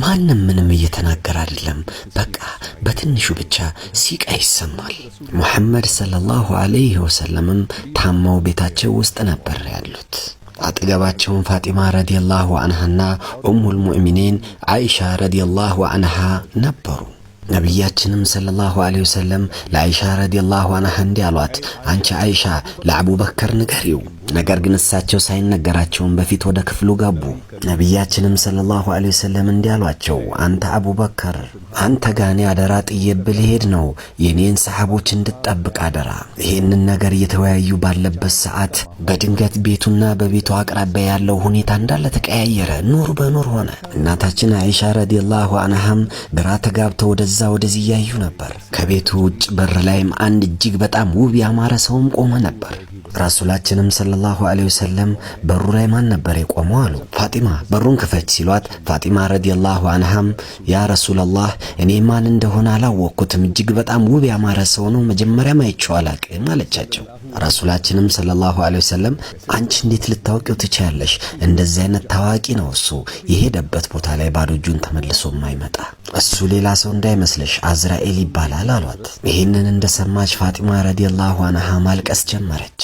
ማንም ምንም እየተናገረ አይደለም። በቃ በትንሹ ብቻ ሲቃ ይሰማል። ሙሐመድ ሰለላሁ ዐለይሂ ወሰለምም ታማው ቤታቸው ውስጥ ነበር ያሉት። አጠገባቸውን ፋጢማ ረዲየላሁ አንሃና ኡሙል ሙእሚኒን አይሻ ረዲየላሁ አንሃ ነበሩ። ነቢያችንም ሰለላሁ ዐለይሂ ወሰለም ለአይሻ ረዲየላሁ አንሃ እንዲህ አሏት፣ አንቺ አይሻ ለአቡበከር ንገሪው ነገር ግን እሳቸው ሳይነገራቸውም በፊት ወደ ክፍሉ ገቡ። ነቢያችንም ሰለላሁ ዐለይሂ ወሰለም እንዲህ አሏቸው፣ አንተ አቡበከር፣ አንተ ጋኔ አደራ ጥዬብህ ልሄድ ነው። የኔን ሰሓቦች እንድጠብቅ አደራ። ይህንን ነገር እየተወያዩ ባለበት ሰዓት በድንገት ቤቱና በቤቱ አቅራቢያ ያለው ሁኔታ እንዳለ ተቀያየረ። ኑር በኑር ሆነ። እናታችን አይሻ ረዲየላሁ አንሃም ግራ ተጋብተው ወደዛ ወደዚህ እያዩ ነበር። ከቤቱ ውጭ በር ላይም አንድ እጅግ በጣም ውብ ያማረ ሰውም ቆመ ነበር። ረሱላችንም ሰለላሁ ዐለይሂ ወሰለም በሩ ላይ ማን ነበር የቆመው? አሉ። ፋጢማ በሩን ክፈች ሲሏት ፋጢማ ረዲየላሁ አንሃም ያ ረሱላላህ እኔ ማን እንደሆነ አላወቅኩትም፣ እጅግ በጣም ውብ ያማረ ሰው ነው፣ መጀመሪያም አይቼው አላቅም አለቻቸው። ረሱላችንም ሰለላሁ ዐለይሂ ወሰለም አንቺ እንዴት ልታውቂው ትችያለሽ? እንደዚህ አይነት ታዋቂ ነው እሱ፣ የሄደበት ቦታ ላይ ባዶ እጁን ተመልሶ የማይመጣ እሱ ሌላ ሰው እንዳይመስለሽ አዝራኤል ይባላል አሏት። ይህንን እንደሰማች ፋጢማ ረዲየላሁ አንሃ ማልቀስ ጀመረች።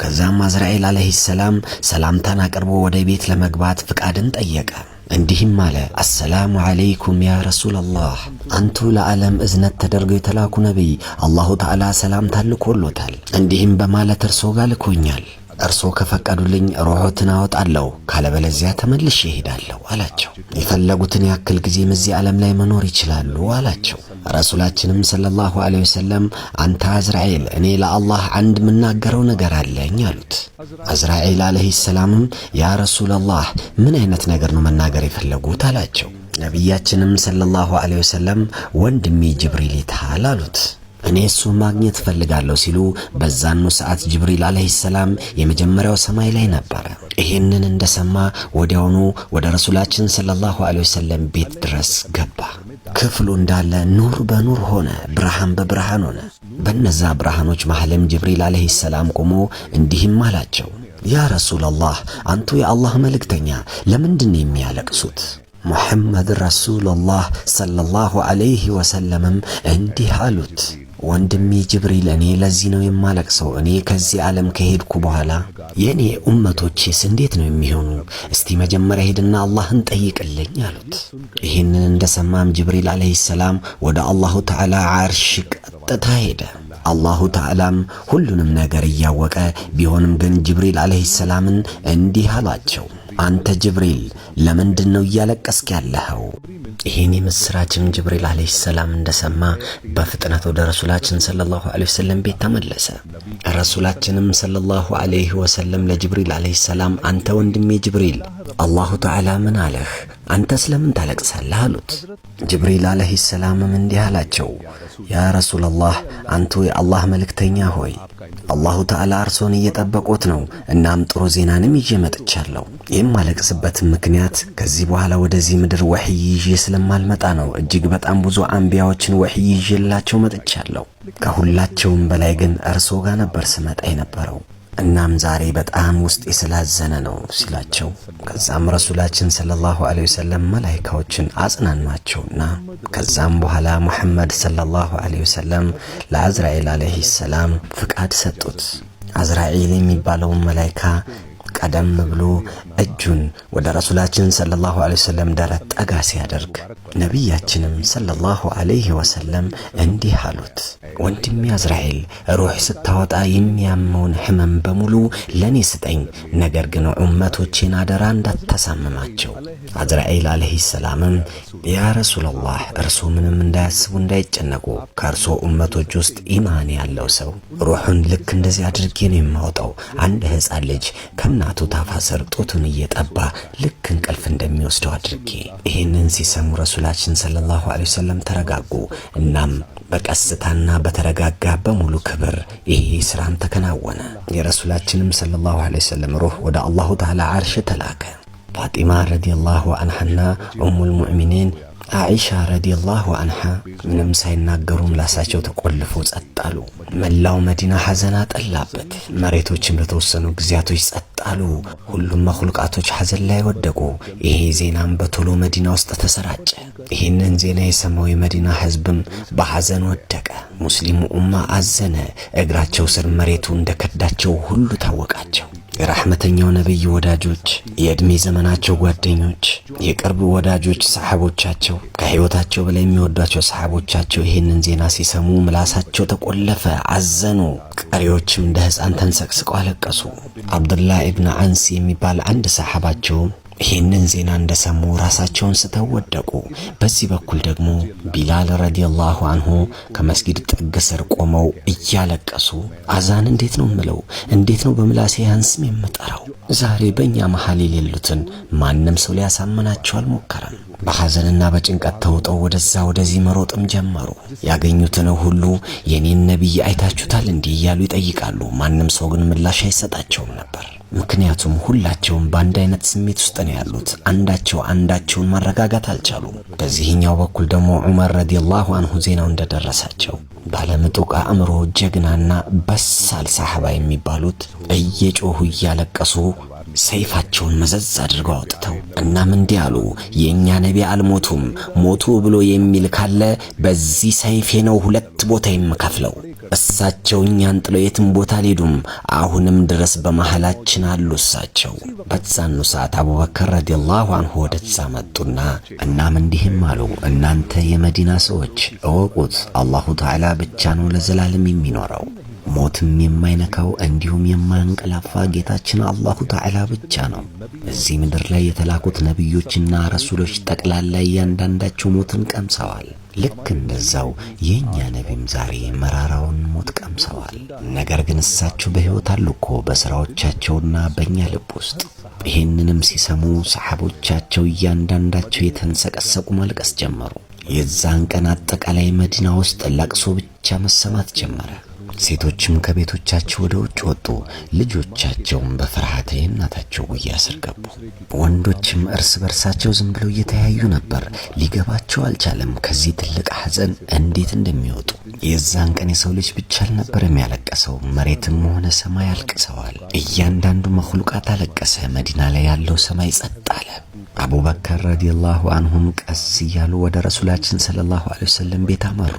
ከዛም አዝራኤል አለይሂ ሰላም ሰላምታን አቅርቦ ወደ ቤት ለመግባት ፍቃድን ጠየቀ። እንዲህም አለ፣ አሰላሙ አለይኩም ያ ረሱላላህ። አንቱ ለዓለም እዝነት ተደርገው የተላኩ ነቢይ አላሁ ተዓላ ሰላምታን ልኮሎታል። እንዲህም በማለት እርሶ ጋር ልኮኛል እርስዎ ከፈቀዱልኝ ሮሖትን አወጣለሁ፣ ካለበለዚያ ተመልሼ እሄዳለሁ አላቸው። የፈለጉትን ያክል ጊዜም እዚህ ዓለም ላይ መኖር ይችላሉ አላቸው። ረሱላችንም ሰለላሁ ዐለይሂ ወሰለም አንተ አዝራኤል፣ እኔ ለአላህ አንድ የምናገረው ነገር አለኝ አሉት። አዝራኤል አለይሂ ሰላምም ያ ረሱላላህ ምን አይነት ነገር ነው መናገር የፈለጉት አላቸው። ነቢያችንም ሰለላሁ ዐለይሂ ወሰለም ወንድሜ ጅብሪል ይታል አሉት። እኔ እሱን ማግኘት እፈልጋለሁ ሲሉ በዛኑ ሰዓት ጅብሪል አለይሂ ሰላም የመጀመሪያው ሰማይ ላይ ነበረ። ይሄንን እንደሰማ ወዲያውኑ ወደ ረሱላችን ሰለላሁ ዐለይሂ ወሰለም ቤት ድረስ ገባ። ክፍሉ እንዳለ ኑር በኑር ሆነ፣ ብርሃን በብርሃን ሆነ። በነዛ ብርሃኖች መሃልም ጅብሪል አለይሂ ሰላም ቆሞ እንዲህም አላቸው፣ ያ ረሱላላህ፣ አንቱ የአላህ መልእክተኛ ለምንድን ነው የሚያለቅሱት? ሙሐመድ ረሱሉላህ ሰለላሁ ዐለይሂ ወሰለምም እንዲህ አሉት ወንድሜ ጅብሪል እኔ ለዚህ ነው የማለቅሰው። እኔ ከዚህ ዓለም ከሄድኩ በኋላ የእኔ ኡመቶቼስ እንዴት ነው የሚሆኑ? እስቲ መጀመሪያ ሄድና አላህን ጠይቅልኝ አሉት። ይህንን እንደሰማም ጅብሪል ዓለይሂ ሰላም ወደ አላሁ ተዓላ ዓርሽ ቀጥታ ሄደ። አላሁ ተዓላም ሁሉንም ነገር እያወቀ ቢሆንም ግን ጅብሪል ዓለይሂ ሰላምን እንዲህ አሏቸው አንተ ጅብሪል ለምንድን ነው እያለቀስክ ያለኸው? ይህን የምሥራችን ጅብሪል ዓለይሂ ሰላም እንደሰማ በፍጥነት ወደ ረሱላችን ሰለላሁ ዓለይሂ ወሰለም ቤት ተመለሰ። ረሱላችንም ሰለላሁ ዓለይሂ ወሰለም ለጅብሪል ዓለይሂ ሰላም አንተ ወንድሜ ጅብሪል አላሁ ተዓላ ምን አለህ? አንተ ስለምን ታለቅሳለህ? አሉት። ጅብሪል ዓለይሂ ሰላምም እንዲህ አላቸው፣ ያ ረሱላላህ አንተ የአላህ መልእክተኛ ሆይ አላሁ ተዓላ እርሶን እየጠበቁት ነው። እናም ጥሩ ዜናንም ይዤ መጥቻለሁ። የማለቅስበት ምክንያት ከዚህ በኋላ ወደዚህ ምድር ወሕይ ይዤ ስለማልመጣ ነው። እጅግ በጣም ብዙ አንቢያዎችን ወሕይ ይዤላቸው መጥቻለሁ። ከሁላቸውም በላይ ግን እርሶ ጋር ነበር ስመጣ የነበረው። እናም ዛሬ በጣም ውስጤ ስላዘነ ነው ሲላቸው፣ ከዛም ረሱላችን ሰለላሁ ዐለይሂ ወሰለም መላይካዎችን አጽናኗቸውና ከዛም በኋላ ሙሐመድ ሰለላሁ ዐለይሂ ወሰለም ለአዝራኤል ዐለይሂ ሰላም ፍቃድ ሰጡት። አዝራኤል የሚባለውን መላይካ ቀደም ብሎ እጁን ወደ ረሱላችን ሰለላሁ ዐለይሂ ወሰለም ደረት ጠጋ ሲያደርግ ነቢያችንም ሰለላሁ ዐለይሂ ወሰለም እንዲህ አሉት፣ ወንድሜ አዝራኤል ሩህ ስታወጣ የሚያመውን ህመም በሙሉ ለእኔ ስጠኝ፣ ነገር ግን ዑመቶቼን አደራ እንዳታሳምማቸው። አዝራኤል አለይሂ ሰላምም ያ ረሱላላህ፣ እርሶ ምንም እንዳያስቡ እንዳይጨነቁ፣ ከእርሶ ኡመቶች ውስጥ ኢማን ያለው ሰው ሩሑን ልክ እንደዚህ አድርጌ ነው የማወጣው አንድ ህፃን ልጅ ከም አቶ ታፋሰር ጡቱን እየጠባ ልክ እንቅልፍ እንደሚወስደው አድርጌ ይህንን ሲሰሙ ረሱላችን ሰለላሁ ዐለይሂ ወሰለም ተረጋጉ። እናም በቀስታና በተረጋጋ በሙሉ ክብር ይሄ ስራም ተከናወነ። የረሱላችንም ሰለላሁ ዐለይሂ ወሰለም ሩህ ወደ አላሁ ተዓላ አርሽ ተላከ። ፋጢማ ረዲየላሁ አንሃና ኡሙል ሙእሚኒን አኢሻ ረዲየላሁ አንሃ ምንም ሳይናገሩ ምላሳቸው ተቆልፎ ጸጥ አሉ። መላው መዲና ሐዘን አጠላበት። መሬቶችም ለተወሰኑ ጊዜያቶች ጸጥ አሉ። ሁሉም መኹልቃቶች ሐዘን ላይ ወደቁ። ይሄ ዜናም በቶሎ መዲና ውስጥ ተሰራጨ። ይህንን ዜና የሰማው የመዲና ሕዝብም በሐዘን ወደቀ። ሙስሊሙ ኡማ አዘነ። እግራቸው ስር መሬቱ እንደከዳቸው ሁሉ ታወቃቸው። የራህመተኛው ነቢይ ወዳጆች፣ የእድሜ ዘመናቸው ጓደኞች፣ የቅርብ ወዳጆች፣ ሰሓቦቻቸው ከህይወታቸው በላይ የሚወዷቸው ሰሓቦቻቸው ይህንን ዜና ሲሰሙ ምላሳቸው ተቆለፈ፣ አዘኑ። ቀሪዎችም እንደ ተንሰቅስቀው አለቀሱ። አብዱላህ ኢብን አንስ የሚባል አንድ ሰሓባቸውም ይህንን ዜና እንደሰሙ ራሳቸውን ስተው ወደቁ። በዚህ በኩል ደግሞ ቢላል ረዲየላሁ አንሁ ከመስጊድ ጥግ ስር ቆመው እያለቀሱ አዛን እንዴት ነው ምለው? እንዴት ነው በምላሴ ያን ስም የምጠራው? ዛሬ በእኛ መሀል የሌሉትን ማንም ሰው ሊያሳምናቸው አልሞከረም። በሐዘንና በጭንቀት ተውጠው ወደዛ ወደዚህ መሮጥም ጀመሩ። ያገኙትን ሁሉ የኔን ነቢይ አይታችሁታል እንዲህ እያሉ ይጠይቃሉ። ማንም ሰው ግን ምላሽ አይሰጣቸውም ነበር። ምክንያቱም ሁላቸውም በአንድ አይነት ስሜት ውስጥ ነው ያሉት። አንዳቸው አንዳቸውን ማረጋጋት አልቻሉም። በዚህኛው በኩል ደግሞ ዑመር ረዲየላሁ አንሁ ዜናው እንደደረሳቸው ባለምጡቅ አእምሮ ጀግናና በሳል ሳሕባ የሚባሉት እየጮሁ እያለቀሱ ሰይፋቸውን መዘዝ አድርገው አውጥተው እናም እንዲህ አሉ፣ የእኛ ነቢ አልሞቱም። ሞቱ ብሎ የሚል ካለ በዚህ ሰይፌ ነው ሁለት ቦታ የምከፍለው። እሳቸው እኛን ጥለው የትም ቦታ አልሄዱም። አሁንም ድረስ በመሃላችን አሉ እሳቸው። በዛኑ ሰዓት አቡበከር ረዲየላሁ አንሁ ወደዛ መጡና እናም እንዲህም አሉ፣ እናንተ የመዲና ሰዎች እወቁት፣ አላሁ ተዓላ ብቻ ነው ለዘላለም የሚኖረው ሞትም የማይነካው እንዲሁም የማያንቀላፋ ጌታችን አላሁ ተዓላ ብቻ ነው። በዚህ ምድር ላይ የተላኩት ነቢዮችና ረሱሎች ጠቅላላ እያንዳንዳቸው ሞትን ቀምሰዋል። ልክ እንደዛው የእኛ ነቢም ዛሬ መራራውን ሞት ቀምሰዋል። ነገር ግን እሳቸው በሕይወት አሉ እኮ በሥራዎቻቸውና በእኛ ልብ ውስጥ። ይህንንም ሲሰሙ ሰሓቦቻቸው እያንዳንዳቸው የተንሰቀሰቁ ማልቀስ ጀመሩ። የዛን ቀን አጠቃላይ መዲና ውስጥ ለቅሶ ብቻ መሰማት ጀመረ። ሴቶችም ከቤቶቻቸው ወደ ውጭ ወጡ፣ ልጆቻቸውን በፍርሃተ የእናታቸው ጉያ ስር ገቡ። ወንዶችም እርስ በርሳቸው ዝም ብለው እየተያዩ ነበር፣ ሊገባቸው አልቻለም ከዚህ ትልቅ ሐዘን እንዴት እንደሚወጡ። የዛን ቀን የሰው ልጅ ብቻ አልነበር የሚያለቀሰው፣ መሬትም ሆነ ሰማይ አልቅሰዋል። እያንዳንዱ መክሉቃት አለቀሰ። መዲና ላይ ያለው ሰማይ ጸጥ አለ። አቡበከር ረዲየላሁ አንሁም ቀስ እያሉ ወደ ረሱላችን ሰለላሁ ዐለይሂ ወሰለም ቤት አመሩ።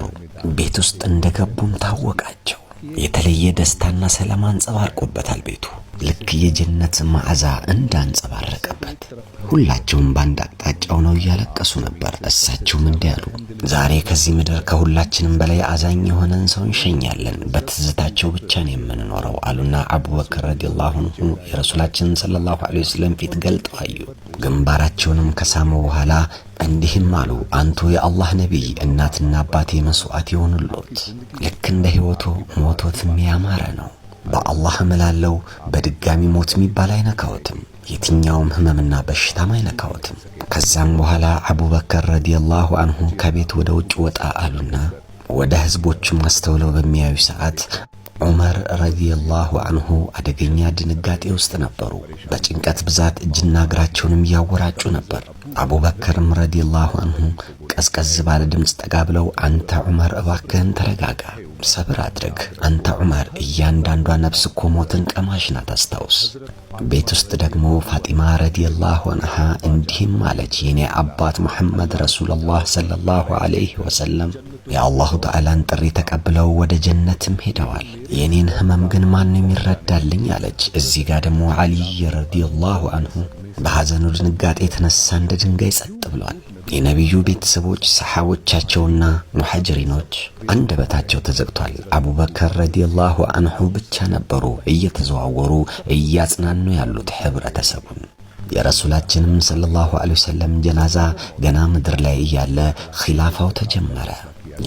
ቤት ውስጥ እንደገቡም ታወቃቸው። የተለየ ደስታና ሰላም አንጸባርቆበታል ቤቱ ልክ የጀነት መዓዛ እንዳንጸባረቀበት ሁላቸውም ባንድ አቅጣጫው ነው እያለቀሱ ነበር። እሳቸውም እንዲህ አሉ። ዛሬ ከዚህ ምድር ከሁላችንም በላይ አዛኝ የሆነን ሰው እንሸኛለን። በትዝታቸው ብቻ ነው የምንኖረው አሉና አቡበክር ረዲየላሁ አንሁ የረሱላችንን ሰለላሁ ዐለይሂ ወሰለም ፊት ገልጠው አዩ። ግንባራቸውንም ከሳሙ በኋላ እንዲህም አሉ። አንቱ የአላህ ነቢይ፣ እናትና አባቴ መስዋዕት የሆኑሎት ልክ እንደ ህይወቶ ሞቶትም ያማረ ነው። በአላህ እምላለው በድጋሚ ሞት የሚባል አይነካወትም። የትኛውም ህመምና በሽታም አይነካዎትም። ከዛም በኋላ አቡበከር ረዲየላሁ አንሁ ከቤት ወደ ውጭ ወጣ አሉና ወደ ህዝቦችም አስተውለው በሚያዩ ሰዓት ዑመር ረዲየላሁ አንሁ አደገኛ ድንጋጤ ውስጥ ነበሩ። በጭንቀት ብዛት እጅና እግራቸውንም እያወራጩ ነበር። አቡበከርም ረዲየላሁ አንሁ ቀዝቀዝ ባለ ድምፅ ጠጋ ብለው አንተ ዑመር እባክህን ተረጋጋ ሰብር አድርግ አንተ ዑመር። እያንዳንዷ ነፍስ እኮ ሞትን ቀማሽ ናት፣ አስታውስ። ቤት ውስጥ ደግሞ ፋጢማ ረዲየላሁ አንሃ እንዲህም አለች፣ የኔ አባት ሙሐመድ ረሱሉላህ ሰለላሁ ዐለይሂ ወሰለም የአላሁ ተዓላን ጥሪ ተቀብለው ወደ ጀነትም ሄደዋል። የኔን ህመም ግን ማን ይረዳልኝ አለች። እዚህ ጋር ደግሞ ዓልይ ረዲየላሁ አንሁ በሐዘኑ ድንጋጤ የተነሳ እንደ ድንጋይ ጸጥ ብሏል። የነቢዩ ቤተሰቦች ሰሓቦቻቸውና ሙሐጅሪኖች አንደበታቸው ተዘግቷል። አቡበከር ረዲየላሁ አንሁ ብቻ ነበሩ እየተዘዋወሩ እያጽናኑ ያሉት ህብረተሰቡን የረሱላችንም ሰለላሁ ዐለይሂ ወሰለም ጀናዛ ገና ምድር ላይ እያለ ኺላፋው ተጀመረ።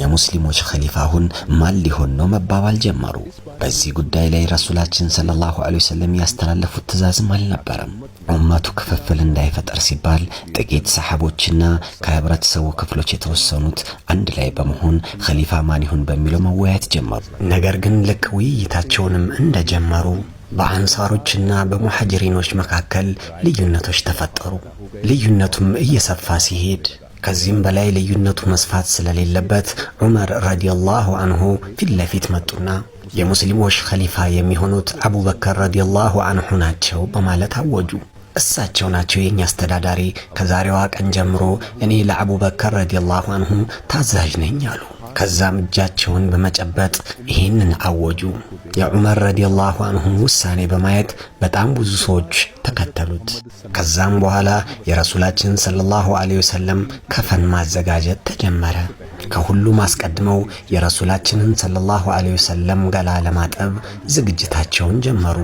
የሙስሊሞች ኸሊፋ አሁን ማን ሊሆን ነው መባባል ጀመሩ። በዚህ ጉዳይ ላይ ረሱላችን ሰለላሁ ዐለይሂ ወሰለም ያስተላለፉት ትእዛዝም አልነበረም። ኡመቱ ክፍፍል እንዳይፈጠር ሲባል ጥቂት ሰሓቦችና ከህብረተሰቡ ክፍሎች የተወሰኑት አንድ ላይ በመሆን ኸሊፋ ማን ይሁን በሚለው መወያየት ጀመሩ። ነገር ግን ልክ ውይይታቸውንም እንደጀመሩ በአንሳሮችና በሙሐጅሪኖች መካከል ልዩነቶች ተፈጠሩ። ልዩነቱም እየሰፋ ሲሄድ ከዚህም በላይ ልዩነቱ መስፋት ስለሌለበት ዑመር ረዲየላሁ አንሁ ፊት ለፊት መጡና የሙስሊሞች ኸሊፋ የሚሆኑት አቡበከር ረዲየላሁ አንሁ ናቸው በማለት አወጁ። እሳቸው ናቸው የእኛ አስተዳዳሪ፣ ከዛሬዋ ቀን ጀምሮ እኔ ለአቡበከር ረዲየላሁ አንሁ ታዛዥ ነኝ አሉ። ከዛም እጃቸውን በመጨበጥ ይህንን አወጁ። የዑመር ረዲየላሁ አንሁን ውሳኔ በማየት በጣም ብዙ ሰዎች ተከተሉት። ከዛም በኋላ የረሱላችን ሰለላሁ ዐለይሂ ወሰለም ከፈን ማዘጋጀት ተጀመረ። ከሁሉም አስቀድመው የረሱላችንን ሰለላሁ ዐለይሂ ወሰለም ገላ ለማጠብ ዝግጅታቸውን ጀመሩ።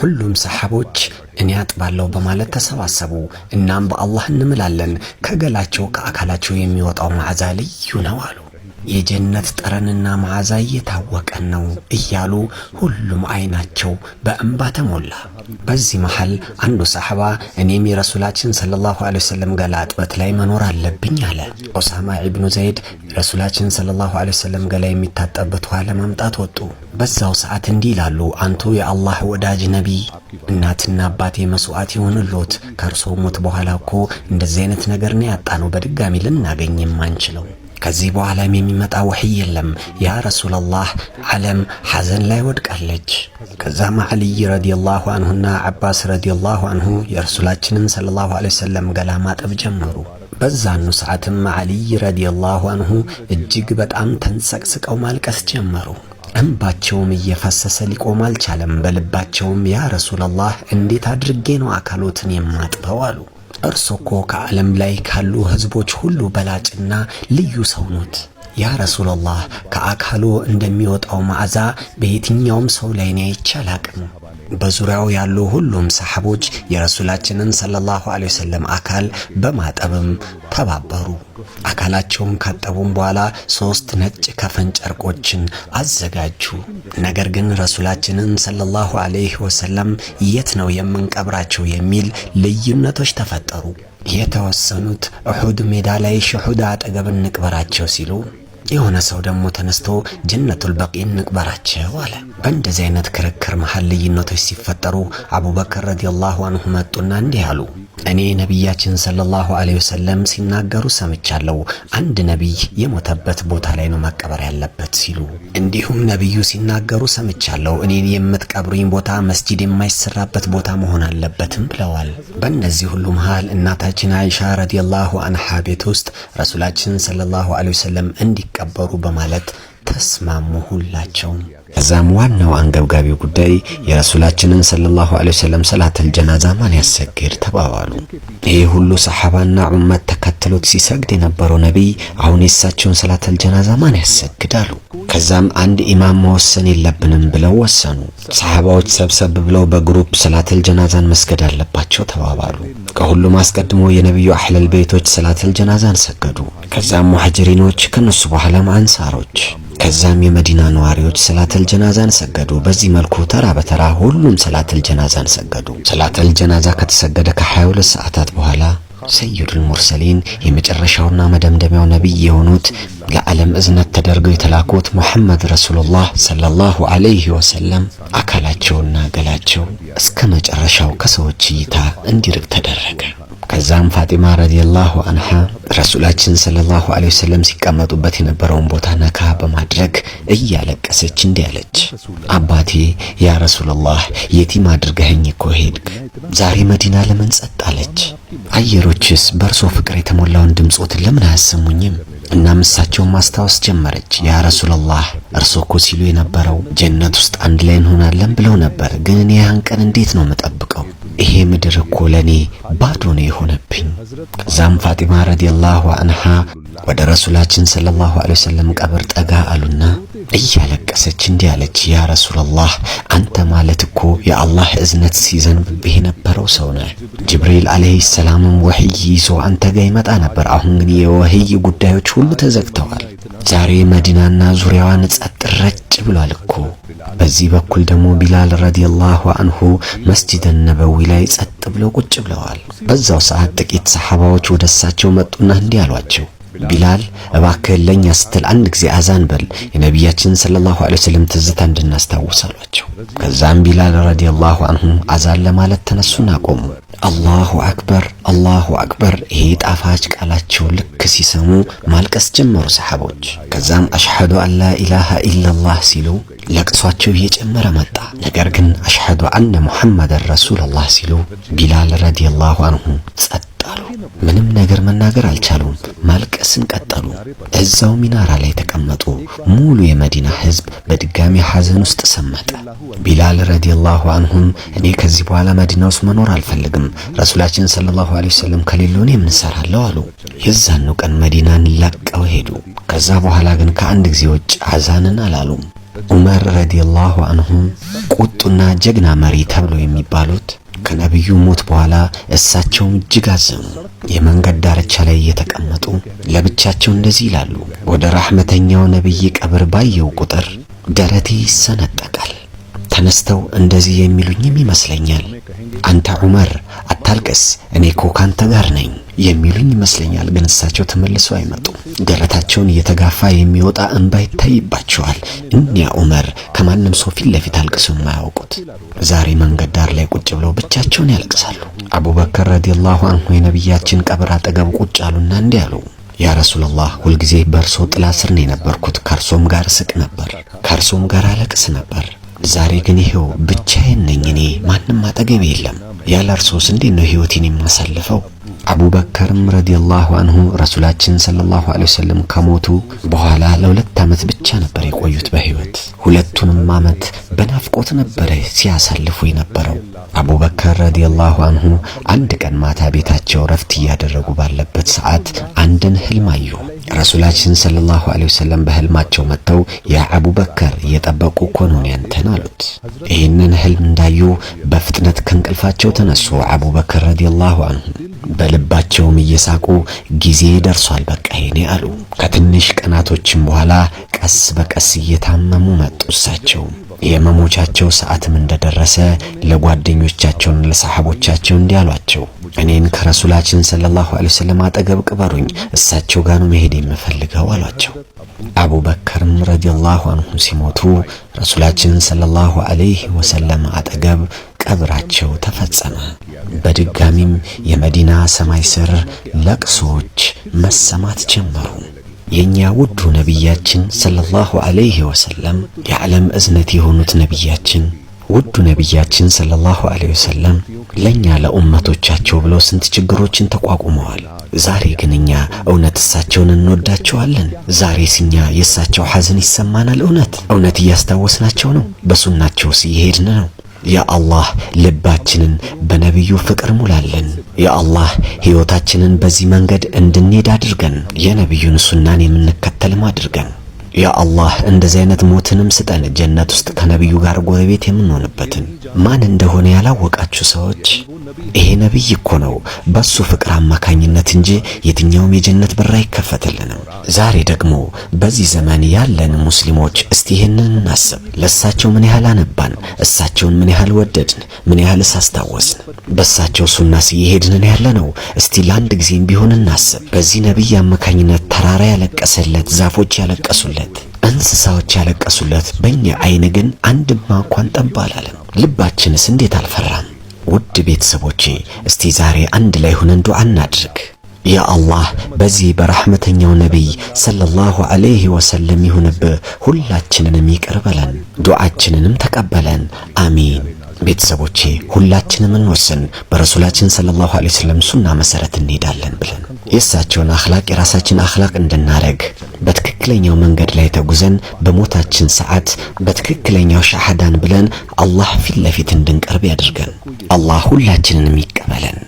ሁሉም ሰሓቦች እኔ አጥባለሁ በማለት ተሰባሰቡ። እናም በአላህ እንምላለን ከገላቸው ከአካላቸው የሚወጣው መዓዛ ልዩ ነው አሉ። የጀነት ጠረንና መዓዛ እየታወቀን ነው እያሉ ሁሉም አይናቸው በእንባ ተሞላ። በዚህ መሀል አንዱ ሰሐባ እኔም የረሱላችን ሰለላሁ ዐለይሂ ወሰለም ገላ እጥበት ላይ መኖር አለብኝ አለ። ኦሳማ ኢብኑ ዘይድ ረሱላችን ሰለላሁ ዐለይሂ ወሰለም ገላ የሚታጠብበት ውሃ ለማምጣት ወጡ። በዛው ሰዓት እንዲህ ይላሉ፣ አንቱ የአላህ ወዳጅ ነቢይ፣ እናትና አባቴ መስዋዕት ይሆንሎት። ከእርሶ ሞት በኋላ እኮ እንደዚህ አይነት ነገር ነው ያጣ ነው በድጋሚ ልናገኝ የማንችለው። ከዚህ በኋላም የሚመጣ ውሕይ የለም ያ ረሱለላህ ዓለም ሐዘን ላይ ወድቃለች። ከዛ መሃል ዐሊ ረዲየላሁ አንሁና አባስ ረዲየላሁ አንሁ የረሱላችንን ሰለላሁ ዐለይሂ ወሰለም ገላ ማጠብ ጀመሩ። በዛኑ ሰዓትም ዐሊ ረዲየላሁ አንሁ እጅግ በጣም ተንሰቅስቀው ማልቀስ ጀመሩ። እንባቸውም እየፈሰሰ ሊቆም አልቻለም። በልባቸውም ያ ረሱለላህ እንዴት አድርጌ ነው አካሎትን የማጥበው አሉ። እርሱ እኮ ከዓለም ላይ ካሉ ህዝቦች ሁሉ በላጭና ልዩ ሰው ኖት። ያ ረሱላላህ፣ ከአካሉ እንደሚወጣው መዓዛ በየትኛውም ሰው ላይ እኔ አይቼ አላቅም። በዙሪያው ያሉ ሁሉም ሰሓቦች የረሱላችንን ሰለላሁ ዐለይሂ ወሰለም አካል በማጠብም ተባበሩ። አካላቸውን ካጠቡም በኋላ ሶስት ነጭ ከፈን ጨርቆችን አዘጋጁ። ነገር ግን ረሱላችንን ሰለላሁ ዐለይሂ ወሰለም የት ነው የምንቀብራቸው የሚል ልዩነቶች ተፈጠሩ። የተወሰኑት እሑድ ሜዳ ላይ ሽሑድ አጠገብ እንቅበራቸው ሲሉ የሆነ ሰው ደግሞ ተነስቶ ጀነቱል በቂን ንቅበራቸው አለ። በእንደዚህ አይነት ክርክር መሀል ልዩነቶች ሲፈጠሩ አቡበከር ረዲየላሁ አንሁ መጡና እንዲህ አሉ። እኔ ነቢያችን ሰለላሁ ዐለይሂ ወሰለም ሲናገሩ ሰምቻለሁ። አንድ ነቢይ የሞተበት ቦታ ላይ ነው መቀበር ያለበት ሲሉ፣ እንዲሁም ነቢዩ ሲናገሩ ሰምቻለሁ። እኔን የምትቀብሩኝ ቦታ መስጂድ የማይሰራበት ቦታ መሆን አለበትም ብለዋል። በእነዚህ ሁሉ መሃል እናታችን አይሻ ረዲየላሁ አንሃ ቤት ውስጥ ረሱላችን ሰለላሁ ዐለይሂ ወሰለም እንዲቀ እንዲቀበሩ በማለት ተስማሙ ሁላቸውም። ከዛም ዋናው አንገብጋቢው ጉዳይ የረሱላችንን ሰለላሁ ዐለይሂ ወሰለም ሰላተል ጀናዛ ማን ያሰግድ ተባባሉ። ይህ ሁሉ ሰሐባና ኡመት ተከትሎት ሲሰግድ የነበረው ነቢይ አሁን የእሳቸውን ሰላተል ጀናዛ ማን ያሰግዳሉ? ከዛም አንድ ኢማም መወሰን የለብንም ብለው ወሰኑ። ሰሐባዎች ሰብሰብ ብለው በግሩፕ ሰላተል ጀናዛን መስገድ አለባቸው ተባባሉ። ከሁሉም አስቀድሞ የነቢዩ አህለል ቤቶች ሰላተል ጀናዛን ሰገዱ። ከዛም ሙሐጅሪኖች ከነሱ በኋላም አንሳሮች ከዛም የመዲና ነዋሪዎች ሰላተል ሰላተል ጀናዛን ሰገዱ። በዚህ መልኩ ተራ በተራ ሁሉም ሰላተል ጀናዛን ሰገዱ። ሰላተል ጀናዛ ከተሰገደ ከ22 ሰዓታት በኋላ ሰይዱል ሙርሰሊን የመጨረሻውና መደምደሚያው ነቢይ የሆኑት ለዓለም እዝነት ተደርገው የተላኩት ሙሐመድ ረሱሉላህ ሰለላሁ ዐለይሂ ወሰለም አካላቸውና ገላቸው እስከ መጨረሻው ከሰዎች እይታ እንዲርቅ ተደረገ። ከዛም ፋጢማ ረዲየላሁ አንሃ ረሱላችን ሰለላሁ ዐለይሂ ወሰለም ሲቀመጡበት የነበረውን ቦታ ነካ በማድረግ እያለቀሰች እንዲህ አለች፣ አባቴ ያ ረሱላላህ የቲም አድርገኸኝ እኮ ሄድክ። ዛሬ መዲና ለምን ጸጥ አለች? አየሮችስ በእርሶ ፍቅር የተሞላውን ድምፆትን ለምን አያሰሙኝም? እናም እሳቸውን ማስታወስ ጀመረች። ያ ረሱላላህ እርሶ እኮ ሲሉ የነበረው ጀነት ውስጥ አንድ ላይ እንሆናለን ብለው ነበር፣ ግን እኔ ያን ቀን እንዴት ነው የምጠብቀው? ይሄ ምድር እኮ ለኔ ባዶ ነው የሆነብኝ። ከዛም ፋጢማ ረዲየላሁ አንሃ ወደ ረሱላችን ሰለላሁ ዐለይሂ ወሰለም ቀብር ጠጋ አሉና እያለቀሰች እንዲህ አለች፣ ያ ረሱላላህ አንተ ማለት እኮ የአላህ እዝነት ሲዘንብብህ የነበረው ሰው ነህ። ጅብሪል ዐለይሂ ሰላምም ወህይ ይዞ አንተ ጋር ይመጣ ነበር። አሁን ግን የወህይ ጉዳዮች ሁሉ ተዘግተዋል። ዛሬ መዲናና ዙሪያዋን ጸጥ ረጭ ብሏል እኮ። በዚህ በኩል ደግሞ ቢላል ረዲየላሁ አንሁ መስጂድ ነበዊ ላይ ጸጥ ብለው ቁጭ ብለዋል። በዛው ሰዓት ጥቂት ሰሓባዎች ወደ እሳቸው መጡና እንዲህ አሏቸው። ቢላል እባክህን ስትል አንድ ጊዜ አዛን በል የነቢያችን ሰለላሁ ዐለይሂ ወሰለም ትዝታ እንድናስታውስ አሏቸው። ከዛም ቢላል ረዲየላሁ አንሁ አዛን ለማለት ተነሱና ቆሙ። አላሁ አክበር አላሁ አክበር፣ ይሄ ጣፋጭ ቃላቸው ልክ ሲሰሙ ማልቀስ ጀመሩ ሰሓቦች። ከዛም አሽሐዱ አን ላ ኢላሃ ኢላላህ ሲሉ ለቅሷቸው እየጨመረ መጣ። ነገር ግን አሽሐዱ አነ ሙሐመደን ረሱልላህ ሲሉ ቢላል ረዲየላሁ አንሁ ጸጥ ምንም ነገር መናገር አልቻሉም። ማልቀስን ቀጠሉ። እዛው ሚናራ ላይ ተቀመጡ። ሙሉ የመዲና ህዝብ በድጋሚ ሐዘን ውስጥ ሰመጠ። ቢላል ረዲየላሁ አንሁም እኔ ከዚህ በኋላ መዲና ውስጥ መኖር አልፈልግም፣ ረሱላችን ሰለላሁ ዐለይሂ ወሰለም ከሌሉ እኔ ምን እሰራለሁ አሉ። የዛኑ ቀን መዲናን ለቀው ሄዱ። ከዛ በኋላ ግን ከአንድ ጊዜ ውጭ አዛንን አላሉም። ዑመር ረዲየላሁ አንሁም ቁጡና ጀግና መሪ ተብሎ የሚባሉት ከነቢዩ ሞት በኋላ እሳቸውም እጅግ አዘኑ። የመንገድ ዳርቻ ላይ እየተቀመጡ ለብቻቸው እንደዚህ ይላሉ። ወደ ራህመተኛው ነቢይ ቀብር ባየው ቁጥር ደረቴ ይሰነጠቃል። ተነስተው እንደዚህ የሚሉኝም ይመስለኛል፣ አንተ ዑመር አታልቅስ፣ እኔ እኮ ካንተ ጋር ነኝ። የሚሉኝ ይመስለኛል። ግን እሳቸው ተመልሰው አይመጡም። ደረታቸውን እየተጋፋ የሚወጣ እንባ ይታይባቸዋል። እኒያ ዑመር ከማንም ሰው ፊት ለፊት አልቅሰው የማያውቁት ዛሬ መንገድ ዳር ላይ ቁጭ ብለው ብቻቸውን ያለቅሳሉ። አቡበከር ረዲየላሁ አንሁ የነቢያችን ቀብር አጠገብ ቁጭ አሉና እንዲህ አሉ። ያ ረሱላላህ ሁልጊዜ በእርሶ ጥላ ስር ነው የነበርኩት። ከእርሶም ጋር ስቅ ነበር፣ ከእርሶም ጋር አለቅስ ነበር። ዛሬ ግን ይኸው ብቻዬን ነኝ እኔ፣ ማንም አጠገብ የለም። ያለ እርሶስ እንዴት ነው ሕይወቴን የማሳልፈው? አቡበከርም ረዲየላሁ አንሁ ረሱላችን ሰለላሁ ዐለይሂ ወሰለም ከሞቱ በኋላ ለሁለት ዓመት ብቻ ነበር የቆዩት በህይወት ሁለቱንም ዓመት በናፍቆት ነበረ ሲያሳልፉ የነበረው። አቡበከር ረዲየላሁ አንሁ አንድ ቀን ማታ ቤታቸው ረፍት እያደረጉ ባለበት ሰዓት አንድን ህልም አዩ። ረሱላችን ሰለላሁ ዐለይሂ ወሰለም በህልማቸው መጥተው ያ አቡበከር እየጠበቁ እኮ ነው ያንተን አሉት። ይህንን ህልም እንዳዩ በፍጥነት ከእንቅልፋቸው ተነሱ አቡበከር ረዲየላሁ አንሁ በልባቸውም እየሳቁ ጊዜ ደርሷል በቃ ይሄኔ አሉ። ከትንሽ ቀናቶችም በኋላ ቀስ በቀስ እየታመሙ መጡ። እሳቸው የመሞቻቸው ሰዓትም እንደደረሰ ለጓደኞቻቸውና ለሰሓቦቻቸው እንዲህ አሏቸው፣ እኔን ከረሱላችን ሰለላሁ ዐለይሂ ወሰለም አጠገብ ቅበሩኝ፣ እሳቸው ጋር ነው መሄድ የምፈልገው አሏቸው። አቡበከርም ረዲየላሁ አንሁ ሲሞቱ ረሱላችን ሰለላሁ ዐለይሂ ወሰለም አጠገብ ቀብራቸው ተፈጸመ። በድጋሚም የመዲና ሰማይ ስር ለቅሶች መሰማት ጀመሩ። የእኛ ውዱ ነቢያችን ሰለላሁ ዐለይሂ ወሰለም የዓለም እዝነት የሆኑት ነቢያችን ውዱ ነቢያችን ሰለላሁ ዐለይሂ ወሰለም ለእኛ ለኡመቶቻቸው ብለው ስንት ችግሮችን ተቋቁመዋል። ዛሬ ግን እኛ እውነት እሳቸውን እንወዳቸዋለን? ዛሬስ እኛ የእሳቸው ሐዘን ይሰማናል? እውነት እውነት እያስታወስናቸው ነው? በሱናቸውስ እየሄድን ነው? ያ አላህ ልባችንን በነቢዩ ፍቅር ሙላልን። ያ አላህ ሕይወታችንን በዚህ መንገድ እንድንሄድ አድርገን የነቢዩን ሱናን የምንከተልም አድርገን። ያ አላህ እንደዚህ አይነት ሞትንም ስጠን ጀነት ውስጥ ከነቢዩ ጋር ጎረቤት የምንሆንበትን። ማን እንደሆነ ያላወቃችሁ ሰዎች ይሄ ነቢይ እኮ ነው፣ በሱ ፍቅር አማካኝነት እንጂ የትኛውም የጀነት በር አይከፈትልንም። ዛሬ ደግሞ በዚህ ዘመን ያለን ሙስሊሞች እስቲ ይህንን እናስብ። ለእሳቸው ምን ያህል አነባን፣ እሳቸውን ምን ያህል ወደድን፣ ምን ያህል አስታወስን፣ በእሳቸው ሱናስ እየሄድንን ያለ ነው። እስቲ ለአንድ ጊዜም ቢሆን እናስብ። በዚህ ነቢይ አማካኝነት ተራራ ያለቀሰለት፣ ዛፎች ያለቀሱለት እንስሳዎች ያለቀሱለት፣ በእኛ አይን ግን አንድማ እንኳን ጠብ አላለም። ልባችንስ እንዴት አልፈራም? ውድ ቤተሰቦቼ እስቲ ዛሬ አንድ ላይ ሆነን ዱዓ እናድርግ። ያ አላህ በዚህ በረሕመተኛው ነቢይ ሰለላሁ ዐለይሂ ወሰለም ይሁንብህ፣ ሁላችንንም ይቅር በለን፣ ዱዓችንንም ተቀበለን። አሚን። ቤተሰቦቼ ሁላችንም እንወስን፣ በረሱላችን ሰለላሁ ዐለይሂ ወሰለም ሱና መሰረት እንሄዳለን ብለን የእሳቸውን አኽላቅ የራሳችን አኽላቅ እንድናረግ በትክክለኛው መንገድ ላይ ተጉዘን በሞታችን ሰዓት በትክክለኛው ሻሃዳን ብለን አላህ ፊት ለፊት እንድንቀርብ ያድርገን። አላህ ሁላችንንም ይቀበለን።